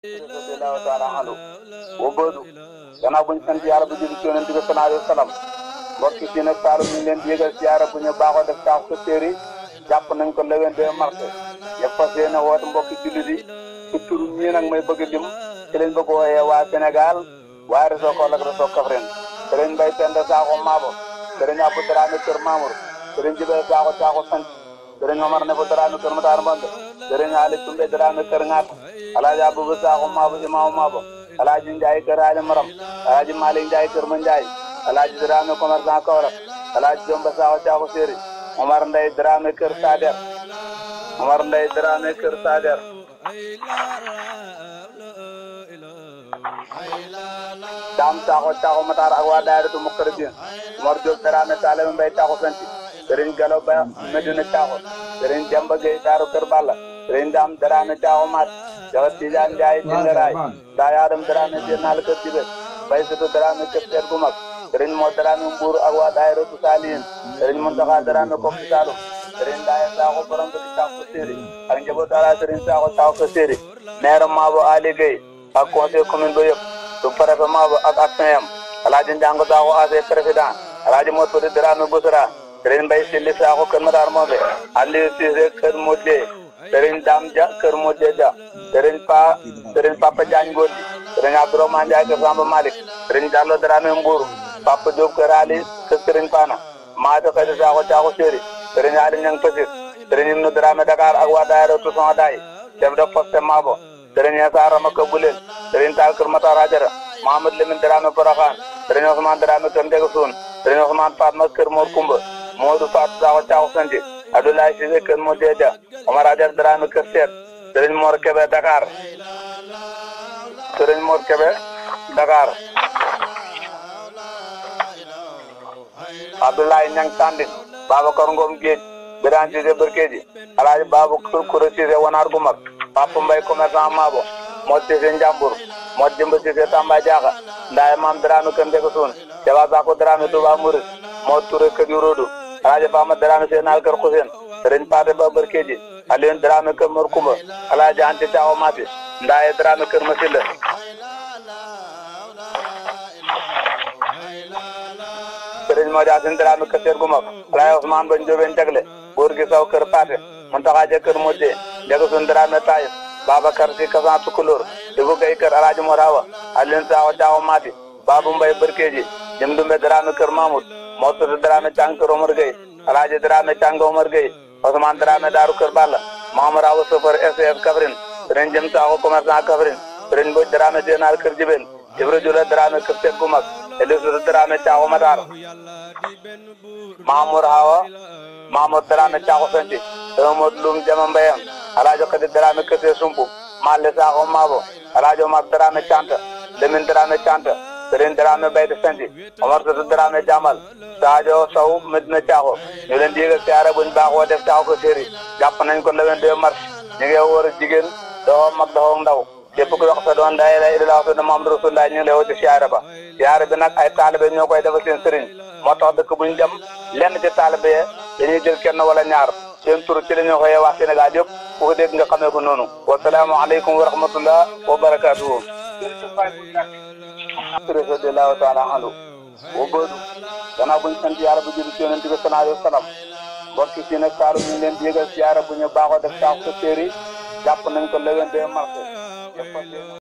radiyallahu taala anhu wa boodu gannaaw buñ bu jëli ci yonent bi sallallahu alayhi wa sallam mbokk yi nag leen di yëgal siyaara bu ñu baaxoo def taax sa téeri jàpp nañ ko lewen de marché ya fas yéene woote mbokki jullit yi ci tur ñii nag may bëgg lim ci lañ bëgg wooyee waa Sénégal waa réseau Kool ak réseau Kaffrine sëriñ Mbay Penda Saaxo Maabo sëriñ Abou Dramé Kër Mamour sëriñ Jibel Saaxo Saaxo Sant sëriñ Omar Nebo Dramé Kër Matar Mbande sëriñ haali tumbe darame kër ŋaat alaaji abubu saaxu maabo imaamu maabo alaaji njaay kër haali maram alaaji maalik njaay kër ma njaay alaaji darame commerçant kawrak alaaji jomba nday darame kër sader omar nday darame kër sader daam saaxu caaxu mataar ak waa daayiratu muqarrabin omar jóob darame saalema mbay caaxu santi serigne galo ba medina taxo serigne jamba gay daru kër serigne dam darana taxo mat jagat tijan jay tindaray dayadam darana jenal kër tibe bay sutu darana kër ter gu serigne mo darana mbur ak wa dairatu salihin serigne muntaxa darana ko talu serigne daya taxo borom ko taxo seri ak njabot ala serigne taxo taxo seri maire mabo ali gay ak conseil commune ba yeb du préfet mabo ak ak fm alaaji ndango taxo ac président alaaji mo tuti darana gusra sëriñ Mbay Silli Saaxo Kër Madaar Mobe Aliou Cissé Kër Modé sëriñ Dam Dia Kër Modé Dia sëriñ Pa sëriñ Papa Diagne Ngodi sëriñ Abdourahmane Ndiaye Kër Samba Malick sëriñ Diallo Dramé Mbour Papa Diop Kër Ali Kër sëriñ Fana Maado Xadi Saaxo Caaxo Séri sëriñ Ali Ñang Fasir sëriñ Ibnu Dramé Dakar ak waa daayira Tousson Daay chef de poste Mabo sëriñ Esa Rama Kër Bulel sëriñ Taal Kër Matar Ajara Mohamed Lamine Dramé Porokhane sëriñ Ousmane Dramé Kër Ndega Suun sëriñ Ousmane Fatma Kër Mor Kumba mau dua ratus lima puluh tahun sendiri. Aduh lah sih kan mau dia Raja Omar ada drama kesehat. Terus mau ke Dakar. Terus mau ke Dakar. Aduh lah yang sanding. Bawa kerungkung gini. Berani sih berkeji. Alah bawa kur kurusi sih wan argumak. Bapun baik kau masih sama bu. Mau sih jambur. Mau jembe sih sih tambah jaga. Dah emang drama kan dia kesun. Jawab aku drama itu bangun. Mau turut ke juru duduk. alaaji Fama Dramé seen alkar Xuseen sëriñ Ba Barkeji Alioune Dramé kër Mor Kumba alaaji Anta Diaw Mati Ndaaye Dramé kër Masila sëriñ Modia Sine Dramé kër Seer Gumak alaaji Ousmane Ba Ndiobène Jagle góor gi saw kër Paate Muntaxa kër Modje Ndiaga Sine Dramé Taïf Babacar Si Kasan Tukulóor Ibu Gay kër alaaji Morawa Alioune Sawa Diaw Mati Babu Mbay Barkeji Jëm Dumbe Dramé kër Mamoud मौसर दरा में चांग कर उमर गई राज दरा में चांग उमर गई उस्मान दरा में दारू कर बाला मामर आवस पर ऐसे अब कबरिन रंजम सा हुकुमर ना कबरिन रंबो दरा में जेनार कर जिबिन इब्रो जुला दरा में कस्ते कुमक एलिस दरा में चाओ मदार मामर आवा मामर दरा में चाओ संजी अहमद लुम जमम बयान राजो कदे दरा में कसे सुंपू माले सा हो मावो राजो मादरा में चांट लेमिन दरा में चांट Serigne Dramé Bayte Santi Omar Satu Dramé Jamal Sadio Sow Medina Thiaxo ñu leen di yëgal siyaare buñ baaxoo def caaxo ko séeri jàpp nañ ko le 22 mars ñu ngi wóor jigéen doxoo mag doxoo ndaw képp ku wax sa doon la ilaha illallah wa muhammadur rasulullah ñu ngi lay woo ci siyaare ba siyaare bi nag ay taalibe ñoo koy defal seen sëriñ moo tax dëkk buñ dem lenn ci taalibe ya dañuy jël kenn wala ñaar seen tur ci la ñu xooyee waa Sénégal yëpp ku ko dégg nga xamee ko noonu wasalaamaaleykum wa rahmatullah wa barakatuhu radiyallahu taala anhu wa bëdu gannaaw buñ sant yàlla bu jëli ci yonent bi sallallahu alayhi wa sallam mbokki fii nag saalu ñu leen di yëgal siyaara bu ñu baaxoo def saaku sa séeri jàpp nañ ko le 22 mars